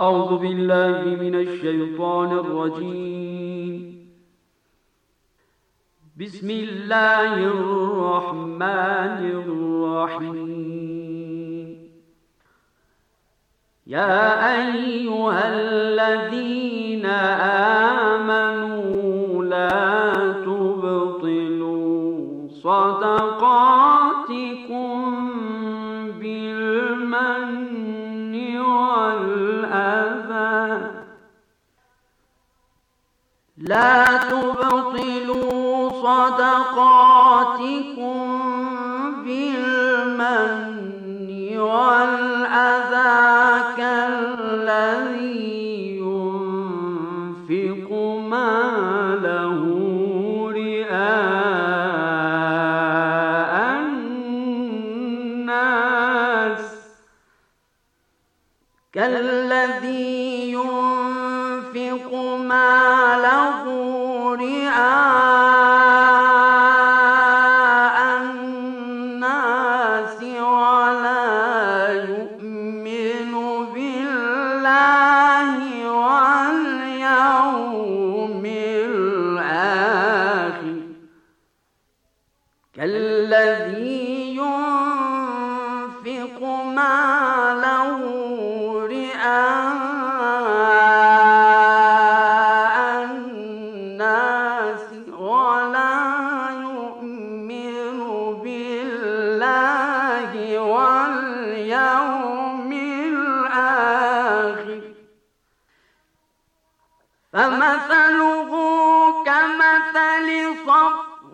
أعوذ بالله من الشيطان الرجيم بسم الله الرحمن الرحيم يا أيها الذين آمنوا لا لا تبطلوا صدقاتكم بالمن والأذى كالذي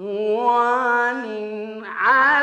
صفوان عالي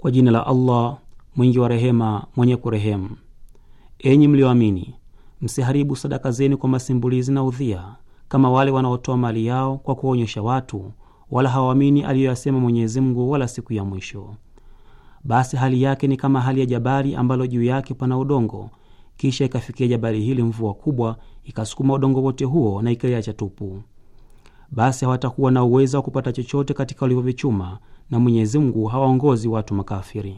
Kwa jina la Allah mwingi wa rehema mwenye kurehemu. Enyi mlioamini, msiharibu sadaka zenu kwa masimbulizi na udhia, kama wale wanaotoa mali yao kwa kuwaonyesha watu, wala hawaamini aliyoyasema Mwenyezi Mungu wala siku ya mwisho. Basi hali yake ni kama hali ya jabali ambalo juu yake pana udongo, kisha ikafikia jabali hili mvua kubwa ikasukuma udongo wote huo na ikaiacha tupu, basi hawatakuwa na uwezo wa kupata chochote katika walivyovichuma, na Mwenyezi Mungu hawaongozi watu makafiri.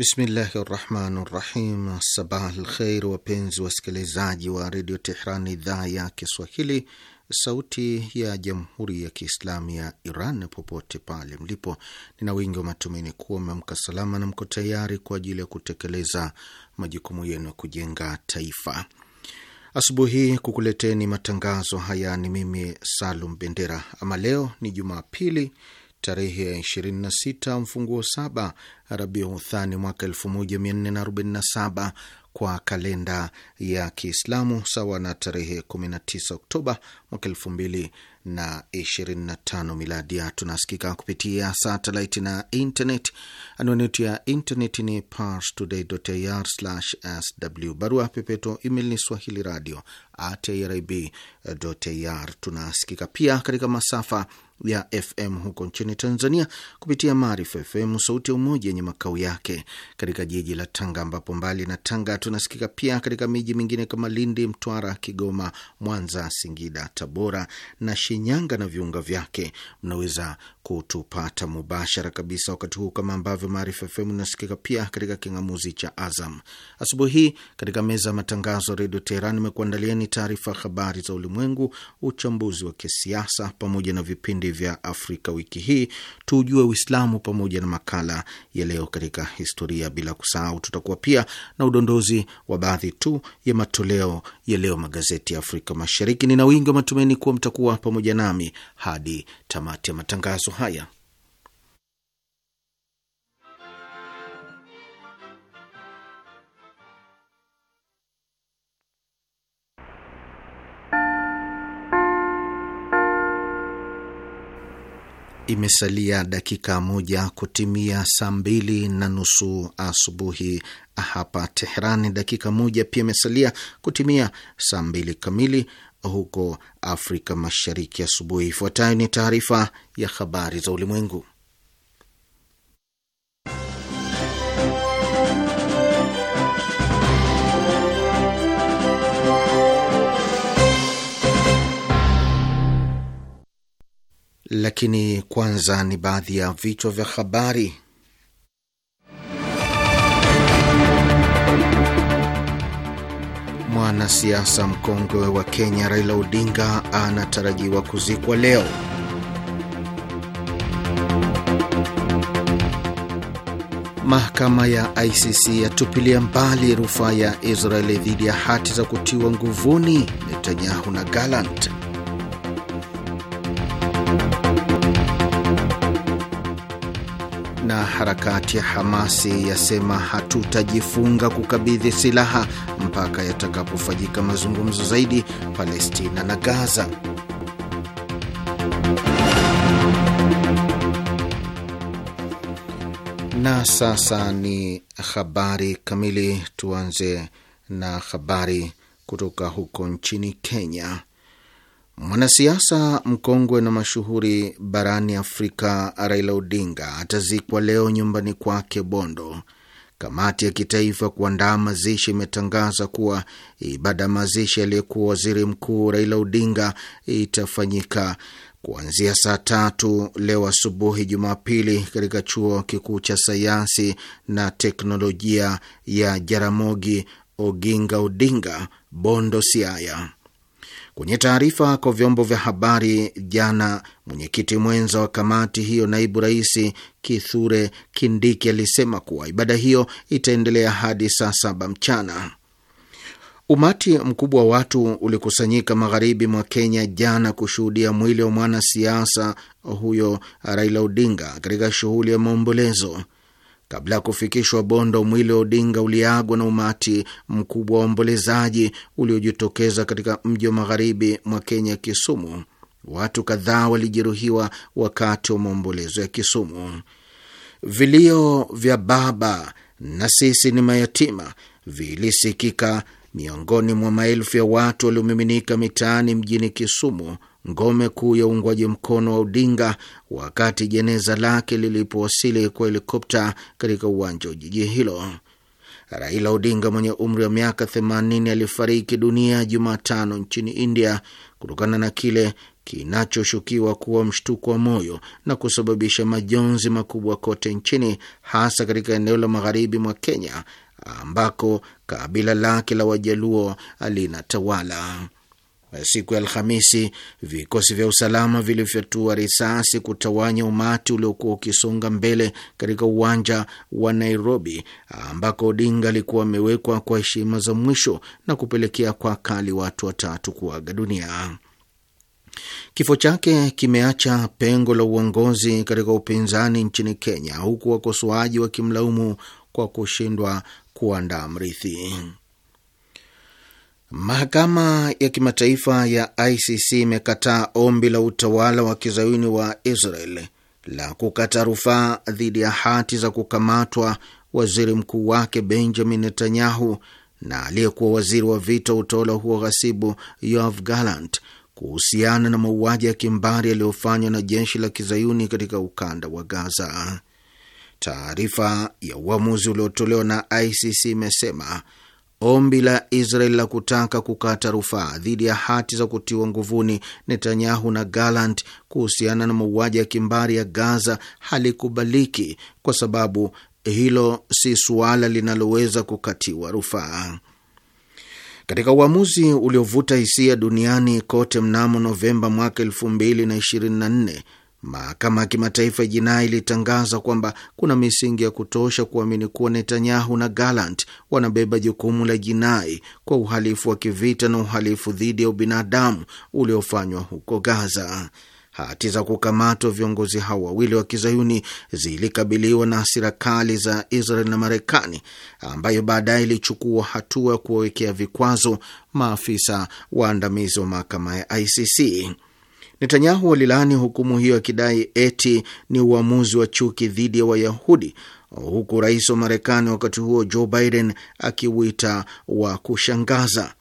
Bismillahi rahmani rahim. Sabah alkheir, wapenzi wasikilizaji wa redio Tehran, idhaa ya Kiswahili, sauti ya jamhuri ya kiislamu ya Iran, popote pale mlipo. Nina wingi wa matumaini kuwa umeamka salama na mko tayari kwa ajili ya kutekeleza majukumu yenu ya kujenga taifa. Asubuhi hii kukuleteni matangazo haya ni mimi Salum Bendera. Ama leo ni Jumapili tarehe ya 26 mfunguo saba Rabiu Uthani mwaka 1447 kwa kalenda ya Kiislamu, sawa na tarehe 19 Oktoba mwaka 2025 miladia. Tunasikika kupitia satellite na internet. Anwani yetu ya internet ni parstoday.ir/sw. Barua pepeto email ni swahili radio@irib.ir. Tunasikika pia katika masafa ya FM huko nchini Tanzania kupitia Maarifa FM sauti ya Umoja yenye makao yake katika jiji la Tanga, ambapo mbali na Tanga tunasikika pia katika miji mingine kama Lindi, Mtwara, Kigoma, Mwanza, Singida, Tabora na Shinyanga na viunga vyake. Mnaweza kutupata mubashara kabisa wakati huu kama ambavyo Maarifa FM inasikika pia katika kingamuzi cha Azam. Asubuhi hii katika meza ya matangazo Redio Teheran imekuandalieni taarifa habari za ulimwengu, uchambuzi wa kisiasa pamoja na vipindi vipindi vya Afrika wiki hii, tujue Uislamu, pamoja na makala ya leo katika historia, bila kusahau tutakuwa pia na udondozi wa baadhi tu ya matoleo ya leo magazeti ya Afrika Mashariki. Nina wingi wa matumaini kuwa mtakuwa pamoja nami hadi tamati ya matangazo haya. imesalia dakika moja kutimia saa mbili na nusu asubuhi hapa Teherani. Dakika moja pia imesalia kutimia saa mbili kamili huko Afrika Mashariki asubuhi. Ifuatayo ni taarifa ya habari za ulimwengu. lakini kwanza ni baadhi ya vichwa vya habari. Mwanasiasa mkongwe wa Kenya Raila Odinga anatarajiwa kuzikwa leo. Mahakama ya ICC yatupilia mbali rufaa ya Israeli dhidi ya hati za kutiwa nguvuni Netanyahu na Gallant. na harakati ya Hamasi yasema hatutajifunga kukabidhi silaha mpaka yatakapofanyika mazungumzo zaidi Palestina na Gaza. Na sasa ni habari kamili. Tuanze na habari kutoka huko nchini Kenya. Mwanasiasa mkongwe na mashuhuri barani Afrika Raila Odinga atazikwa leo nyumbani kwake Bondo. Kamati ya kitaifa kuandaa mazishi imetangaza kuwa ibada ya mazishi aliyekuwa waziri mkuu Raila Odinga itafanyika kuanzia saa tatu leo asubuhi Jumapili katika chuo kikuu cha sayansi na teknolojia ya Jaramogi Oginga Odinga, Bondo, Siaya. Kwenye taarifa kwa vyombo vya habari jana, mwenyekiti mwenza wa kamati hiyo naibu rais Kithure Kindiki alisema kuwa ibada hiyo itaendelea hadi saa saba mchana. Umati mkubwa wa watu ulikusanyika magharibi mwa Kenya jana kushuhudia mwili wa mwanasiasa huyo Raila Odinga katika shughuli ya maombolezo. Kabla ya kufikishwa Bondo, mwili wa Odinga uliagwa na umati mkubwa wa waombolezaji uliojitokeza katika mji wa magharibi mwa Kenya, Kisumu. Watu kadhaa walijeruhiwa wakati wa maombolezo ya Kisumu. Vilio vya baba na sisi ni mayatima vilisikika miongoni mwa maelfu ya watu waliomiminika mitaani mjini Kisumu ngome kuu ya uungwaji mkono wa Odinga wakati jeneza lake lilipowasili kwa helikopta katika uwanja wa jiji hilo. Raila Odinga mwenye umri wa miaka 80 alifariki dunia Jumatano nchini India kutokana na kile kinachoshukiwa kuwa mshtuko wa moyo na kusababisha majonzi makubwa kote nchini, hasa katika eneo la magharibi mwa Kenya ambako kabila lake la Wajaluo linatawala. Eh, siku ya Alhamisi, vikosi vya usalama vilifyatua risasi kutawanya umati uliokuwa ukisonga mbele katika uwanja wa Nairobi ambako Odinga alikuwa amewekwa kwa heshima za mwisho na kupelekea kwa kali watu watatu kuaga dunia. Kifo chake kimeacha pengo la uongozi katika upinzani nchini Kenya, huku wakosoaji wakimlaumu kwa kushindwa kuandaa mrithi. Mahakama ya kimataifa ya ICC imekataa ombi la utawala wa kizayuni wa Israel la kukata rufaa dhidi ya hati za kukamatwa waziri mkuu wake Benjamin Netanyahu na aliyekuwa waziri wa vita utawala huo ghasibu Yoav Gallant kuhusiana na mauaji ya kimbari yaliyofanywa na jeshi la kizayuni katika ukanda wa Gaza. Taarifa ya uamuzi uliotolewa na ICC imesema Ombi la Israel la kutaka kukata rufaa dhidi ya hati za kutiwa nguvuni Netanyahu na Gallant kuhusiana na mauaji ya kimbari ya Gaza halikubaliki kwa sababu hilo si suala linaloweza kukatiwa rufaa. Katika uamuzi uliovuta hisia duniani kote mnamo Novemba mwaka 2024 Mahakama ya kimataifa ya jinai ilitangaza kwamba kuna misingi ya kutosha kuamini kuwa Netanyahu na Gallant wanabeba jukumu la jinai kwa uhalifu wa kivita na uhalifu dhidi ya ubinadamu uliofanywa huko Gaza. Hati za kukamatwa viongozi hao wawili wa kizayuni zilikabiliwa na hasira kali za Israel na Marekani, ambayo baadaye ilichukua hatua ya kuwawekea vikwazo maafisa waandamizi wa mahakama ya ICC. Netanyahu alilaani hukumu hiyo akidai eti ni uamuzi wa chuki dhidi ya Wayahudi, huku rais wa Marekani wakati huo Joe Biden akiuita wa kushangaza.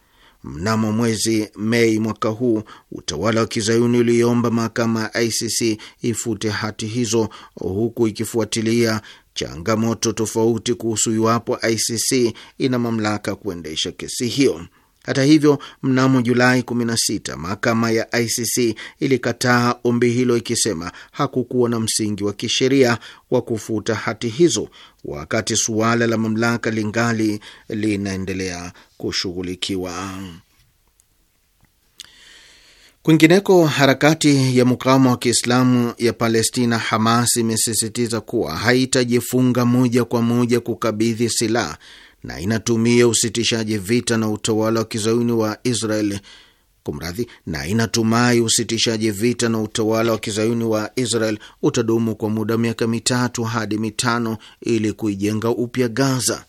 Mnamo mwezi Mei mwaka huu utawala wa kizayuni uliomba mahakama ya ICC ifute hati hizo, huku ikifuatilia changamoto tofauti kuhusu iwapo ICC ina mamlaka kuendesha kesi hiyo. Hata hivyo, mnamo Julai 16 mahakama ya ICC ilikataa ombi hilo ikisema hakukuwa na msingi wa kisheria wa kufuta hati hizo wakati suala la mamlaka lingali linaendelea kushughulikiwa. Kwingineko, harakati ya mukawama wa Kiislamu ya Palestina, Hamas, imesisitiza kuwa haitajifunga moja kwa moja kukabidhi silaha na inatumia usitishaji vita na utawala wa kizayuni wa Israel kumradhi, na inatumai usitishaji vita na utawala wa kizayuni wa Israel utadumu kwa muda wa miaka mitatu hadi mitano ili kuijenga upya Gaza.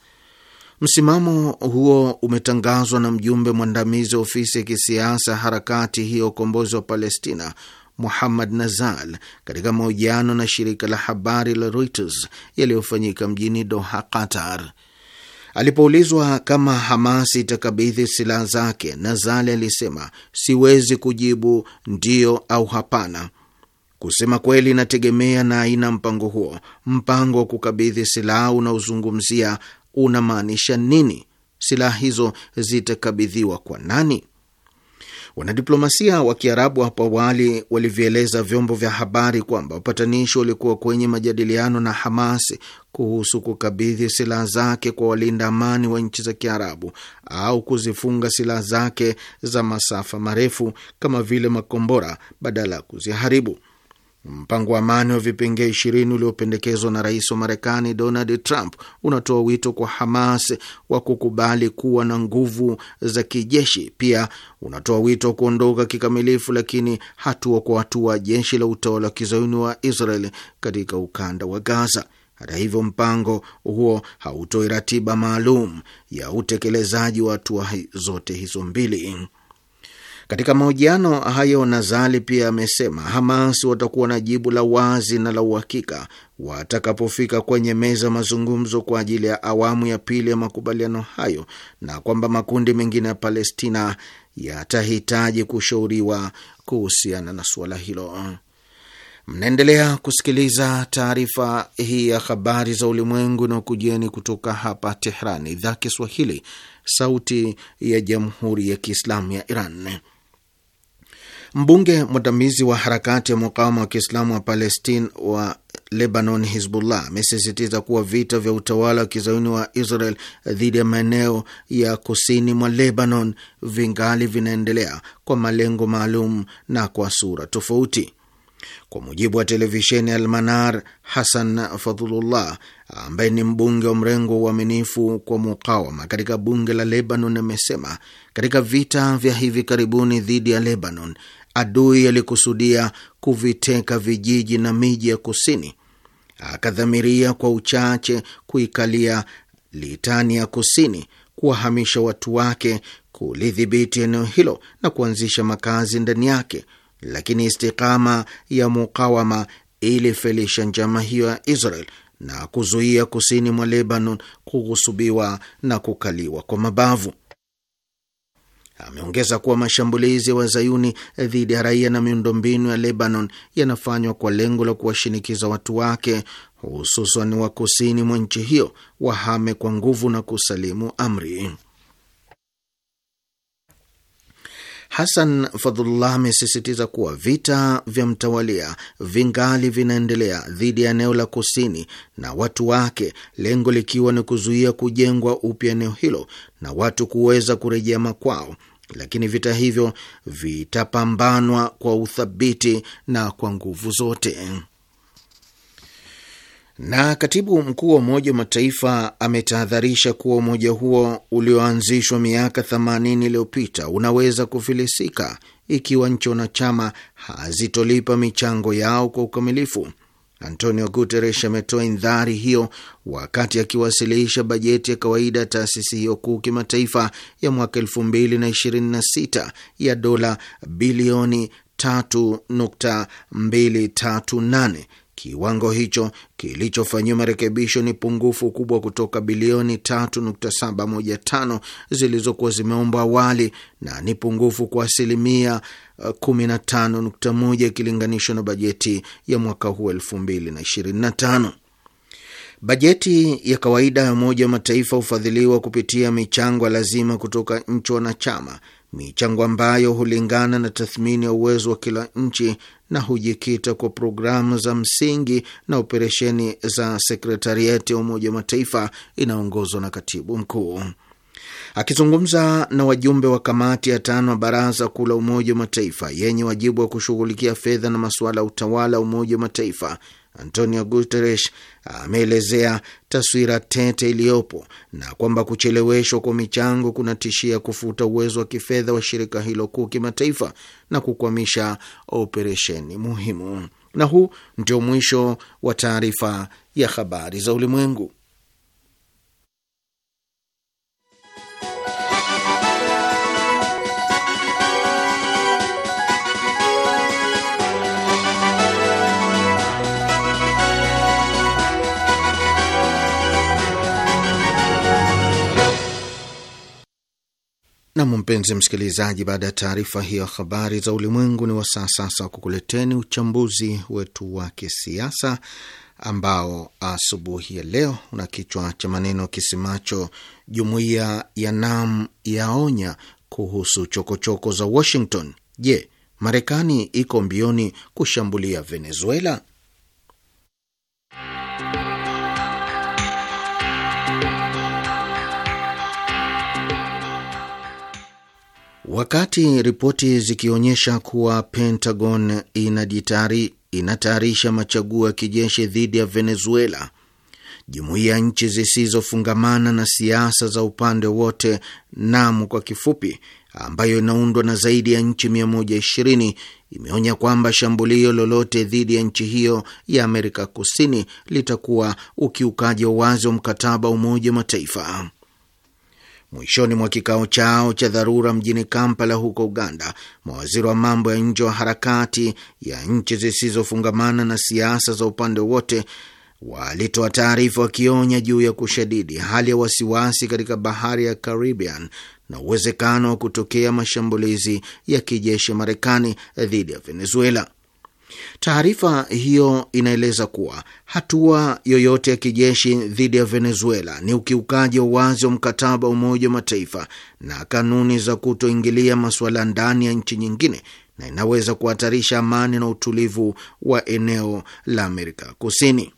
Msimamo huo umetangazwa na mjumbe mwandamizi wa ofisi ya kisiasa harakati hiyo ukombozi wa Palestina, Muhammad Nazal, katika mahojiano na shirika la habari la Reuters yaliyofanyika mjini Doha, Qatar. Alipoulizwa kama Hamas itakabidhi silaha zake, Nazali alisema siwezi kujibu ndio au hapana. Kusema kweli, inategemea na aina mpango huo. Mpango wa kukabidhi silaha unaozungumzia unamaanisha nini? Silaha hizo zitakabidhiwa kwa nani? Wanadiplomasia wa Kiarabu hapo awali walivyoeleza vyombo vya habari kwamba wapatanishi walikuwa kwenye majadiliano na Hamas kuhusu kukabidhi silaha zake kwa walinda amani wa nchi za Kiarabu au kuzifunga silaha zake za masafa marefu kama vile makombora badala ya kuziharibu. Mpango wa amani wa vipengee ishirini uliopendekezwa na rais wa Marekani Donald Trump unatoa wito kwa Hamas wa kukubali kuwa na nguvu za kijeshi. Pia unatoa wito wa kuondoka kikamilifu, lakini hatua kwa hatua, jeshi la utawala wa kizayuni wa Israel katika ukanda wa Gaza. Hata hivyo, mpango huo hautoi ratiba maalum ya utekelezaji wa hatua zote hizo mbili. Katika mahojiano hayo, Nazali pia amesema Hamas watakuwa na jibu la wazi na la uhakika watakapofika kwenye meza mazungumzo kwa ajili ya awamu ya pili ya makubaliano hayo, na kwamba makundi mengine ya Palestina yatahitaji kushauriwa kuhusiana na suala hilo. Mnaendelea kusikiliza taarifa hii ya habari za ulimwengu na ukujieni kutoka hapa Tehran, idhaa Kiswahili, sauti ya jamhuri ya kiislamu ya Iran. Mbunge mwandamizi wa harakati ya mukawama wa Kiislamu wa Palestine wa Lebanon, Hizbullah, amesisitiza kuwa vita vya utawala wa kizayuni wa Israel dhidi ya maeneo ya kusini mwa Lebanon vingali vinaendelea kwa malengo maalum na kwa sura tofauti. Kwa mujibu wa televisheni Almanar, Hasan Fadhulullah ambaye ni mbunge wa mrengo wa uaminifu kwa mukawama katika bunge la Lebanon amesema katika vita vya hivi karibuni dhidi ya Lebanon, adui alikusudia kuviteka vijiji na miji ya kusini, akadhamiria kwa uchache kuikalia Litania kusini, kuwahamisha watu wake, kulidhibiti eneo hilo na kuanzisha makazi ndani yake, lakini istikama ya mukawama ilifelisha njama hiyo ya Israel na kuzuia kusini mwa Lebanon kughusubiwa na kukaliwa kwa mabavu ameongeza kuwa mashambulizi ya wa wazayuni dhidi ya raia na miundombinu ya Lebanon yanafanywa kwa lengo la kuwashinikiza watu wake, hususan wa kusini mwa nchi hiyo, wahame kwa nguvu na kusalimu amri. Hasan Fadhulullah amesisitiza kuwa vita vya mtawalia vingali vinaendelea dhidi ya eneo la kusini na watu wake, lengo likiwa ni kuzuia kujengwa upya eneo hilo na watu kuweza kurejea makwao lakini vita hivyo vitapambanwa kwa uthabiti na kwa nguvu zote. Na katibu mkuu wa Umoja wa Mataifa ametahadharisha kuwa umoja huo ulioanzishwa miaka 80 iliyopita unaweza kufilisika ikiwa nchi wanachama hazitolipa michango yao kwa ukamilifu Antonio Guterres ametoa indhari hiyo wakati akiwasilisha bajeti ya kawaida ya taasisi hiyo kuu kimataifa ya mwaka sita ya dola bilioni 3.238. Kiwango hicho kilichofanyiwa marekebisho ni pungufu kubwa kutoka bilioni 3.715 zilizokuwa zimeombwa awali na ni pungufu kwa asilimia 15.1 ikilinganishwa na bajeti ya mwaka huu 2025. Bajeti ya kawaida ya Umoja wa Mataifa hufadhiliwa kupitia michango lazima kutoka nchi wanachama, michango ambayo hulingana na tathmini ya uwezo wa kila nchi na hujikita kwa programu za msingi na operesheni za sekretariati ya Umoja wa Mataifa inayoongozwa na katibu mkuu. Akizungumza na wajumbe wa kamati ya tano ya baraza kuu la Umoja wa Mataifa yenye wajibu wa kushughulikia fedha na masuala ya utawala wa Umoja wa Mataifa, Antonio Guterres ameelezea taswira tete iliyopo na kwamba kucheleweshwa kwa michango kunatishia kufuta uwezo wa kifedha wa shirika hilo kuu kimataifa na kukwamisha operesheni muhimu. Na huu ndio mwisho wa taarifa ya habari za ulimwengu. Nam, mpenzi msikilizaji, baada ya taarifa hiyo habari za ulimwengu, ni wasaa sasa wa kukuleteni uchambuzi wetu wa kisiasa ambao asubuhi ya leo una kichwa cha maneno kisemacho jumuiya ya NAM yaonya kuhusu chokochoko choko za Washington. Je, Marekani iko mbioni kushambulia Venezuela? Wakati ripoti zikionyesha kuwa Pentagon inatayarisha machaguo ya kijeshi dhidi ya Venezuela, jumuiya ya nchi zisizofungamana na siasa za upande wote, NAMU kwa kifupi, ambayo inaundwa na zaidi ya nchi 120 imeonya kwamba shambulio lolote dhidi ya nchi hiyo ya Amerika Kusini litakuwa ukiukaji wa wazi wa mkataba wa Umoja wa Mataifa. Mwishoni mwa kikao chao cha dharura mjini Kampala huko Uganda, mawaziri wa mambo ya nje wa harakati ya nchi zisizofungamana na siasa za upande wote walitoa taarifa wakionya juu ya kushadidi hali ya wasiwasi katika bahari ya Caribbean na uwezekano wa kutokea mashambulizi ya kijeshi Marekani dhidi ya Venezuela. Taarifa hiyo inaeleza kuwa hatua yoyote ya kijeshi dhidi ya Venezuela ni ukiukaji wa wazi wa mkataba wa Umoja wa Mataifa na kanuni za kutoingilia masuala ndani ya nchi nyingine na inaweza kuhatarisha amani na utulivu wa eneo la Amerika Kusini.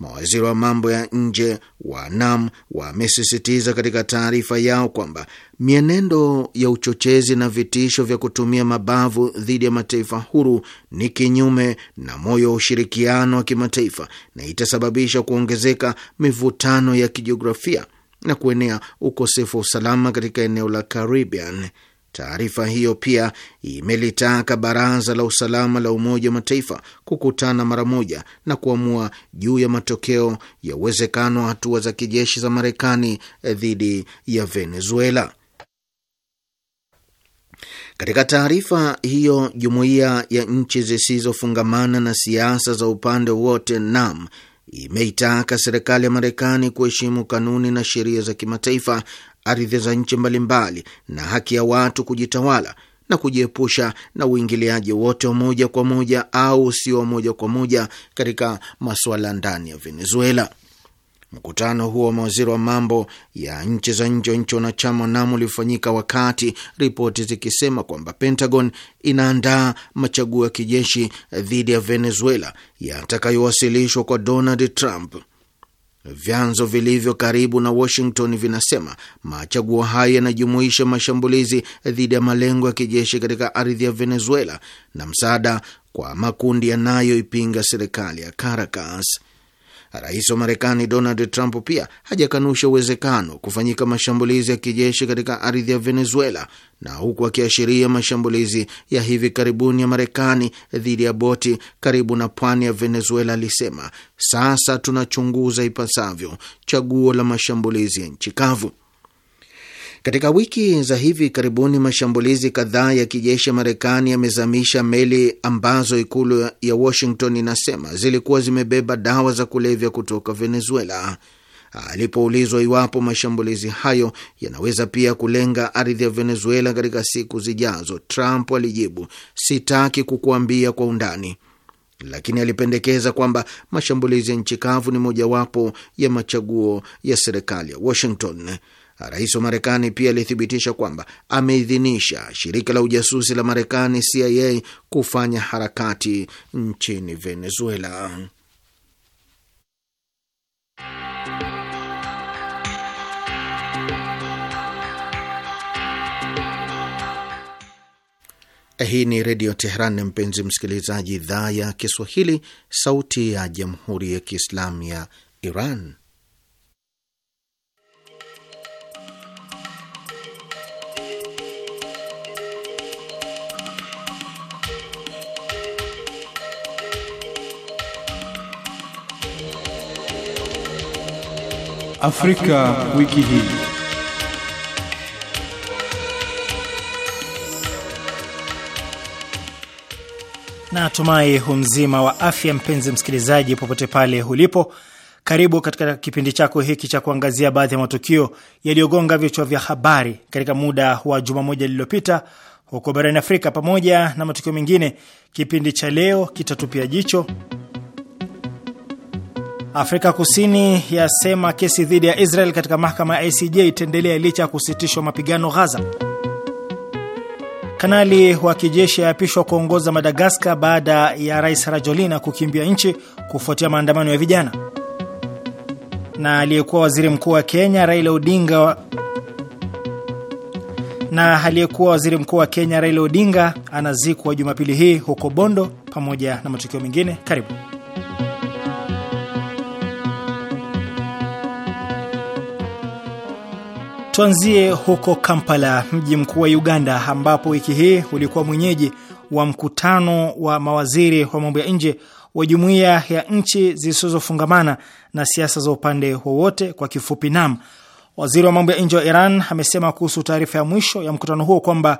Mawaziri wa mambo ya nje wa NAM wamesisitiza katika taarifa yao kwamba mienendo ya uchochezi na vitisho vya kutumia mabavu dhidi ya mataifa huru ni kinyume na moyo wa ushirikiano wa kimataifa na itasababisha kuongezeka mivutano ya kijiografia na kuenea ukosefu wa usalama katika eneo la Caribbean. Taarifa hiyo pia imelitaka Baraza la Usalama la Umoja wa Mataifa kukutana mara moja na kuamua juu ya matokeo ya uwezekano wa hatua za kijeshi za Marekani eh, dhidi ya Venezuela. Katika taarifa hiyo, jumuiya ya nchi zisizofungamana na siasa za upande wote NAM imeitaka serikali ya Marekani kuheshimu kanuni na sheria za kimataifa ardhi za nchi mbalimbali na haki ya watu kujitawala na kujiepusha na uingiliaji wote wa moja kwa moja au usio moja kwa moja katika masuala ndani ya Venezuela. Mkutano huo wa mawaziri wa mambo ya nchi za nje wa nchi wanachama NAMU ulifanyika wakati ripoti zikisema kwamba Pentagon inaandaa machaguo ya kijeshi dhidi ya Venezuela yatakayowasilishwa kwa Donald Trump. Vyanzo vilivyo karibu na Washington vinasema machaguo haya yanajumuisha mashambulizi dhidi ya malengo ya kijeshi katika ardhi ya Venezuela na msaada kwa makundi yanayoipinga serikali ya Caracas. Rais wa Marekani Donald Trump pia hajakanusha uwezekano kufanyika mashambulizi ya kijeshi katika ardhi ya Venezuela, na huku akiashiria mashambulizi ya hivi karibuni ya Marekani dhidi ya boti karibu na pwani ya Venezuela, alisema sasa tunachunguza ipasavyo chaguo la mashambulizi ya nchi kavu. Katika wiki za hivi karibuni mashambulizi kadhaa ya kijeshi ya Marekani yamezamisha meli ambazo ikulu ya Washington inasema zilikuwa zimebeba dawa za kulevya kutoka Venezuela. Alipoulizwa iwapo mashambulizi hayo yanaweza pia kulenga ardhi ya Venezuela katika siku zijazo, Trump alijibu, sitaki kukuambia kwa undani, lakini alipendekeza kwamba mashambulizi ya nchi kavu ni mojawapo ya machaguo ya serikali ya Washington. Rais wa Marekani pia alithibitisha kwamba ameidhinisha shirika la ujasusi la Marekani CIA kufanya harakati nchini Venezuela. Hii ni Redio Teheran, mpenzi msikilizaji, idhaa ya Kiswahili, sauti ya Jamhuri ya Kiislamu ya Iran. Afrika, wiki hii. Na tumai humzima wa afya, mpenzi msikilizaji, popote pale ulipo, karibu katika kipindi chako hiki cha kuangazia baadhi ya matukio yaliyogonga vichwa vya habari katika muda wa juma moja lililopita huko barani Afrika. Pamoja na matukio mengine, kipindi cha leo kitatupia jicho Afrika Kusini yasema kesi dhidi ya Israel katika mahakama ya ICJ itaendelea licha ya kusitishwa mapigano Ghaza. Kanali wa kijeshi ayapishwa kuongoza Madagaskar baada ya Rais Rajolina kukimbia nchi kufuatia maandamano ya vijana. Na aliyekuwa waziri mkuu wa Kenya Raila Odinga wa... na aliyekuwa waziri mkuu wa Kenya Raila Odinga anazikwa Jumapili hii huko Bondo, pamoja na matukio mengine. Karibu. Tuanzie huko Kampala, mji mkuu wa Uganda, ambapo wiki hii ulikuwa mwenyeji wa mkutano wa mawaziri wa mambo ya nje wa jumuiya ya nchi zisizofungamana na siasa za upande wowote, kwa kifupi NAM. Waziri wa mambo ya nje wa Iran amesema kuhusu taarifa ya mwisho ya mkutano huo kwamba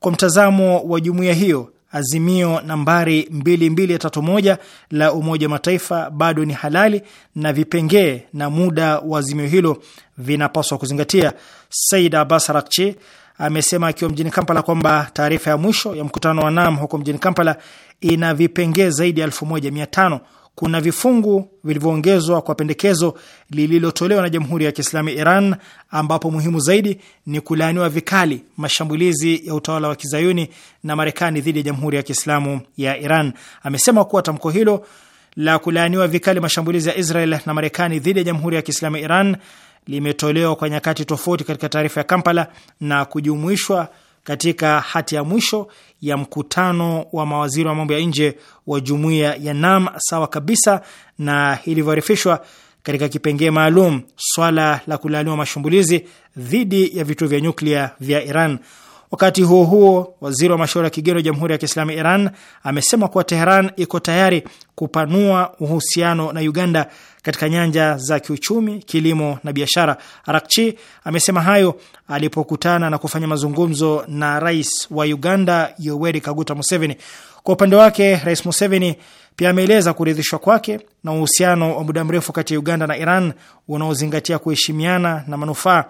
kwa mtazamo wa jumuiya hiyo azimio nambari 2231 la Umoja wa Mataifa bado ni halali na vipengee na muda wa azimio hilo vinapaswa kuzingatia. Said Abbas Rakchi amesema akiwa mjini Kampala kwamba taarifa ya mwisho ya mkutano wa NAM huko mjini Kampala ina vipengee zaidi ya 1500 kuna vifungu vilivyoongezwa kwa pendekezo lililotolewa na Jamhuri ya Kiislamu ya Iran, ambapo muhimu zaidi ni kulaaniwa vikali mashambulizi ya utawala wa kizayuni na Marekani dhidi ya Jamhuri ya Kiislamu ya Iran. Amesema kuwa tamko hilo la kulaaniwa vikali mashambulizi ya Israel na Marekani dhidi ya Jamhuri ya Kiislamu ya Iran limetolewa kwa nyakati tofauti katika taarifa ya Kampala na kujumuishwa katika hati ya mwisho ya mkutano wa mawaziri wa mambo ya nje wa jumuiya ya NAM sawa kabisa na ilivyoarifishwa katika kipengee maalum swala la kulaaniwa mashambulizi dhidi ya vituo vya nyuklia vya Iran. Wakati huo huo, waziri wa mashauri ya kigeni wa Jamhuri ya Kiislamu Iran amesema kuwa Teheran iko tayari kupanua uhusiano na Uganda katika nyanja za kiuchumi, kilimo na biashara. Arakchi amesema hayo alipokutana na kufanya mazungumzo na rais wa Uganda Yoweri Kaguta Museveni. Kwa upande wake, Rais Museveni pia ameeleza kuridhishwa kwake na uhusiano wa muda mrefu kati ya Uganda na Iran unaozingatia kuheshimiana na manufaa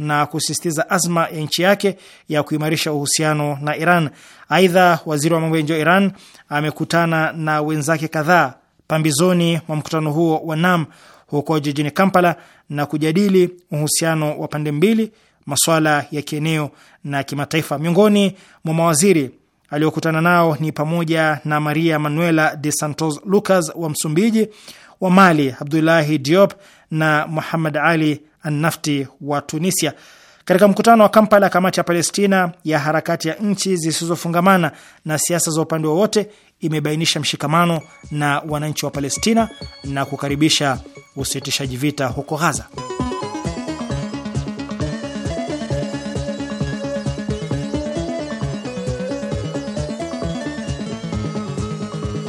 na kusisitiza azma ya nchi yake ya kuimarisha uhusiano na Iran. Aidha, waziri wa mambo ya nje wa Iran amekutana na wenzake kadhaa pambizoni mwa mkutano huo wa NAM huko jijini Kampala na kujadili uhusiano wa pande mbili, masuala ya kieneo na kimataifa. Miongoni mwa mawaziri aliokutana nao ni pamoja na Maria Manuela de Santos Lucas wa Msumbiji, wa Mali Abdulahi Diop na Muhammad Ali Annafti wa Tunisia. Katika mkutano wa Kampala, kamati ya Palestina ya harakati ya nchi zisizofungamana na siasa za upande wowote imebainisha mshikamano na wananchi wa Palestina na kukaribisha usitishaji vita huko Gaza.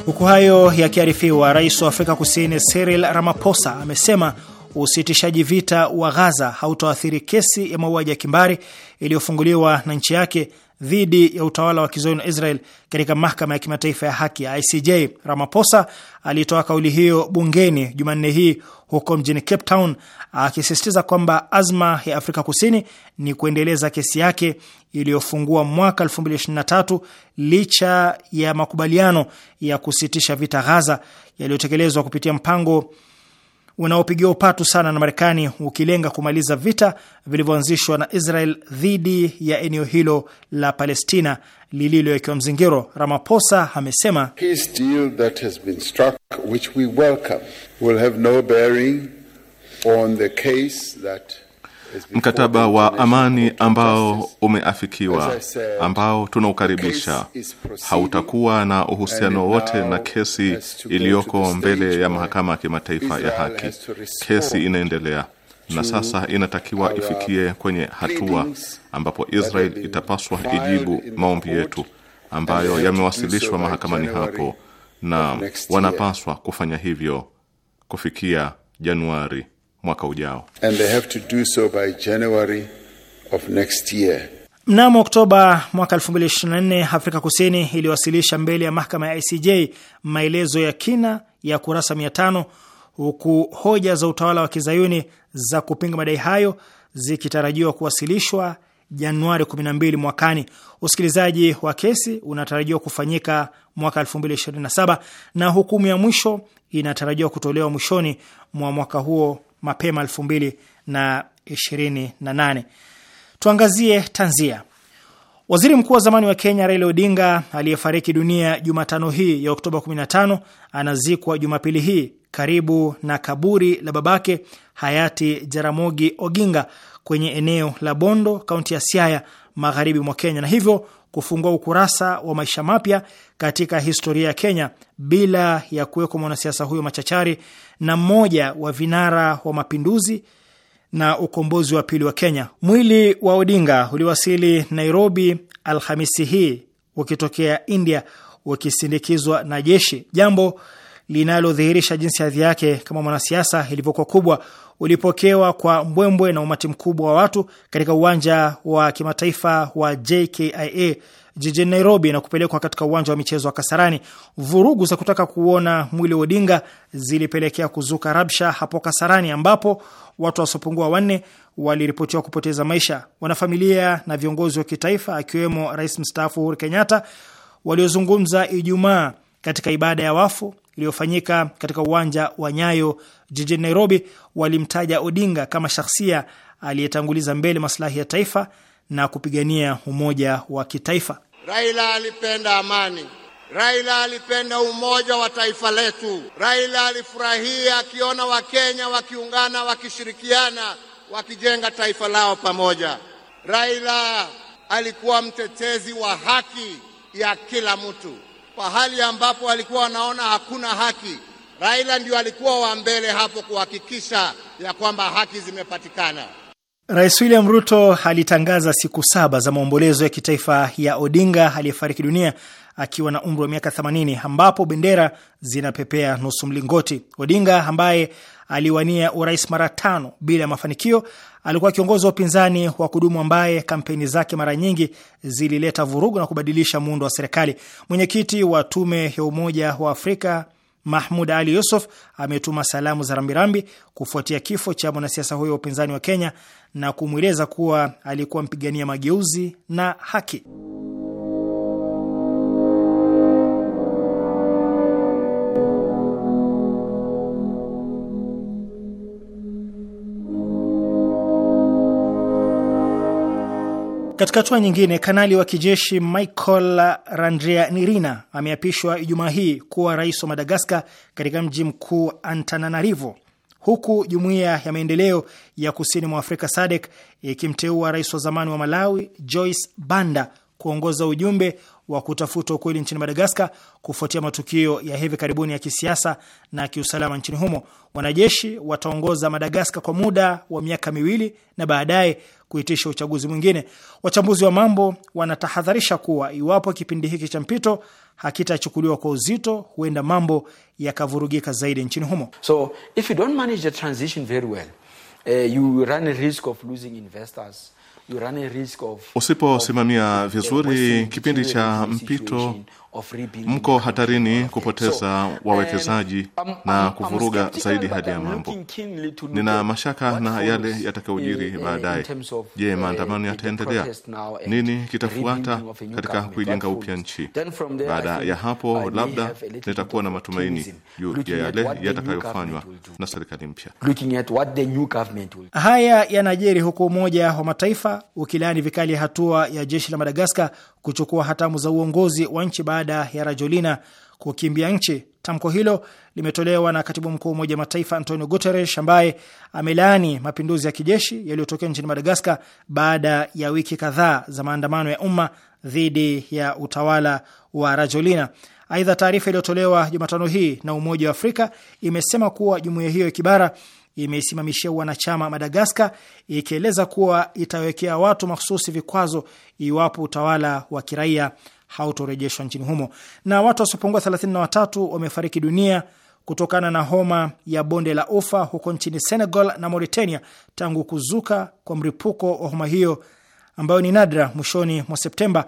Huku hayo yakiarifiwa, rais wa Afrika Kusini Cyril Ramaphosa amesema usitishaji vita wa Ghaza hautoathiri kesi ya mauaji ya kimbari iliyofunguliwa na nchi yake dhidi ya utawala wa kizayuni wa Israel katika mahakama ya kimataifa ya haki ya ICJ. Ramaphosa alitoa kauli hiyo bungeni Jumanne hii huko mjini Cape Town, akisisitiza kwamba azma ya Afrika Kusini ni kuendeleza kesi yake iliyofungua mwaka 2023 licha ya makubaliano ya kusitisha vita Ghaza yaliyotekelezwa kupitia mpango unaopigiwa upatu sana na Marekani ukilenga kumaliza vita vilivyoanzishwa na Israel dhidi ya eneo hilo la Palestina lililowekewa mzingiro. Ramaphosa amesema no mkataba wa amani ambao umeafikiwa, ambao tunaukaribisha, hautakuwa na uhusiano wote na kesi iliyoko mbele ya mahakama ya kimataifa ya haki. Kesi inaendelea na sasa inatakiwa ifikie kwenye hatua ambapo Israel itapaswa ijibu maombi yetu ambayo yamewasilishwa mahakamani hapo, na wanapaswa kufanya hivyo kufikia Januari mwaka ujao. And they have to do so by January of next year. Mnamo Oktoba mwaka 2024 Afrika Kusini iliwasilisha mbele ya mahakama ya ICJ maelezo ya kina ya kurasa 500 huku hoja za utawala wa kizayuni za kupinga madai hayo zikitarajiwa kuwasilishwa Januari 12 mwakani. Usikilizaji wa kesi unatarajiwa kufanyika mwaka 2027 na hukumu ya mwisho inatarajiwa kutolewa mwishoni mwa mwaka huo mapema 2028. Tuangazie tanzia. Waziri mkuu wa zamani wa Kenya Raila Odinga aliyefariki dunia Jumatano hii ya Oktoba 15 anazikwa Jumapili hii karibu na kaburi la babake hayati Jaramogi Oginga kwenye eneo la Bondo, kaunti ya Siaya, magharibi mwa Kenya, na hivyo kufungua ukurasa wa maisha mapya katika historia ya Kenya bila ya kuwekwa mwanasiasa huyo machachari na mmoja wa vinara wa mapinduzi na ukombozi wa pili wa Kenya. Mwili wa Odinga uliwasili Nairobi Alhamisi hii ukitokea India ukisindikizwa na jeshi, jambo linalodhihirisha jinsi hadhi yake kama mwanasiasa ilivyokuwa kubwa ulipokewa kwa mbwembwe na umati mkubwa wa watu katika uwanja wa kimataifa wa JKIA jijini Nairobi na kupelekwa katika uwanja wa michezo wa Kasarani. Vurugu za kutaka kuona mwili wa Odinga zilipelekea kuzuka rabsha hapo Kasarani, ambapo watu wasiopungua wanne waliripotiwa kupoteza maisha. Wanafamilia na viongozi wa kitaifa akiwemo rais mstaafu Uhuru Kenyatta waliozungumza Ijumaa katika ibada ya wafu iliyofanyika katika uwanja wa Nyayo jijini Nairobi, walimtaja Odinga kama shahsia aliyetanguliza mbele maslahi ya taifa na kupigania umoja wa kitaifa. Raila alipenda amani. Raila alipenda umoja wa taifa letu. Raila alifurahia akiona Wakenya wakiungana, wakishirikiana, wakijenga taifa lao pamoja. Raila alikuwa mtetezi wa haki ya kila mtu pahali ambapo walikuwa wanaona hakuna haki. Raila ndio alikuwa wa mbele hapo kuhakikisha ya kwamba haki zimepatikana. Rais William Ruto alitangaza siku saba za maombolezo ya kitaifa ya Odinga aliyefariki dunia akiwa na umri wa miaka 80 ambapo bendera zinapepea nusu mlingoti. Odinga ambaye aliwania urais mara tano bila ya mafanikio. Alikuwa kiongozi wa upinzani wa kudumu ambaye kampeni zake mara nyingi zilileta vurugu na kubadilisha muundo wa serikali. Mwenyekiti wa tume ya Umoja wa Afrika Mahmud Ali Yusuf ametuma salamu za rambirambi kufuatia kifo cha mwanasiasa huyo wa upinzani wa Kenya na kumweleza kuwa alikuwa mpigania mageuzi na haki. Katika hatua nyingine, kanali wa kijeshi Michael Nirina ameapishwa Ijumaa hii kuwa rais wa Madagaskar katika mji mkuu Antananarivo, huku jumuiya ya maendeleo ya kusini mwa Afrika SADC ikimteua rais wa zamani wa Malawi Joyce Banda kuongoza ujumbe wa kutafuta ukweli nchini Madagaskar kufuatia matukio ya hivi karibuni ya kisiasa na kiusalama nchini humo. Wanajeshi wataongoza Madagaskar kwa muda wa miaka miwili na baadaye kuitisha uchaguzi mwingine. Wachambuzi wa mambo wanatahadharisha kuwa iwapo kipindi hiki cha mpito hakitachukuliwa kwa uzito, huenda mambo yakavurugika zaidi nchini humo. So, if you don't manage the transition very well, uh, you run a risk of losing investors. Usiposimamia eh, vizuri kipindi cha mpito mko hatarini kupoteza wawekezaji um, um, na kuvuruga zaidi hali ya mambo. Nina mashaka na yale yatakayojiri baadaye. Je, uh, maandamano yataendelea? Nini kitafuata katika kuijenga upya nchi? Baada ya hapo, labda nitakuwa na matumaini juu ya yale yatakayofanywa na serikali mpya. Haya yanajeri huku Umoja wa Mataifa ukilaani vikali hatua ya jeshi la Madagaskar kuchukua hatamu za uongozi wa nchi baada ya Rajolina kukimbia nchi. Tamko hilo limetolewa na katibu mkuu wa Umoja Mataifa Antonio Guterres, ambaye amelaani mapinduzi ya kijeshi yaliyotokea nchini Madagaskar baada ya wiki kadhaa za maandamano ya umma dhidi ya utawala wa Rajolina. Aidha, taarifa iliyotolewa Jumatano hii na Umoja wa Afrika imesema kuwa jumuiya hiyo ya kibara imeisimamishia wanachama Madagaskar, ikieleza kuwa itawekea watu mahususi vikwazo iwapo utawala wa kiraia hautorejeshwa nchini humo. Na watu wasiopungua 33 wamefariki dunia kutokana na homa ya bonde la ufa huko nchini Senegal na Mauritania tangu kuzuka kwa mripuko wa homa hiyo ambayo ni nadra mwishoni mwa Septemba.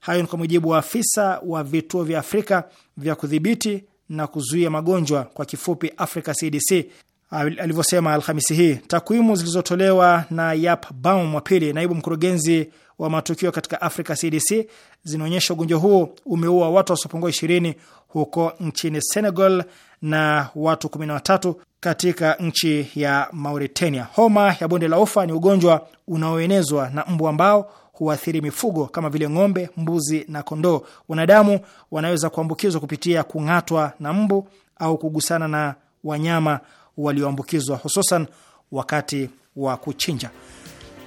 Hayo ni kwa mujibu wa afisa wa vituo vya Afrika vya kudhibiti na kuzuia magonjwa kwa kifupi Africa CDC alivyosema Alhamisi hii. Takwimu zilizotolewa na Yap Baum wa pili, naibu mkurugenzi wa matukio katika africa CDC, zinaonyesha ugonjwa huo umeua watu wasiopungua ishirini huko nchini Senegal na watu kumi na watatu katika nchi ya Mauritania. Homa ya bonde la ufa ni ugonjwa unaoenezwa na mbu ambao huathiri mifugo kama vile ng'ombe, mbuzi na kondoo. Wanadamu wanaweza kuambukizwa kupitia kung'atwa na mbu au kugusana na wanyama walioambukizwa, hususan wakati wa kuchinja.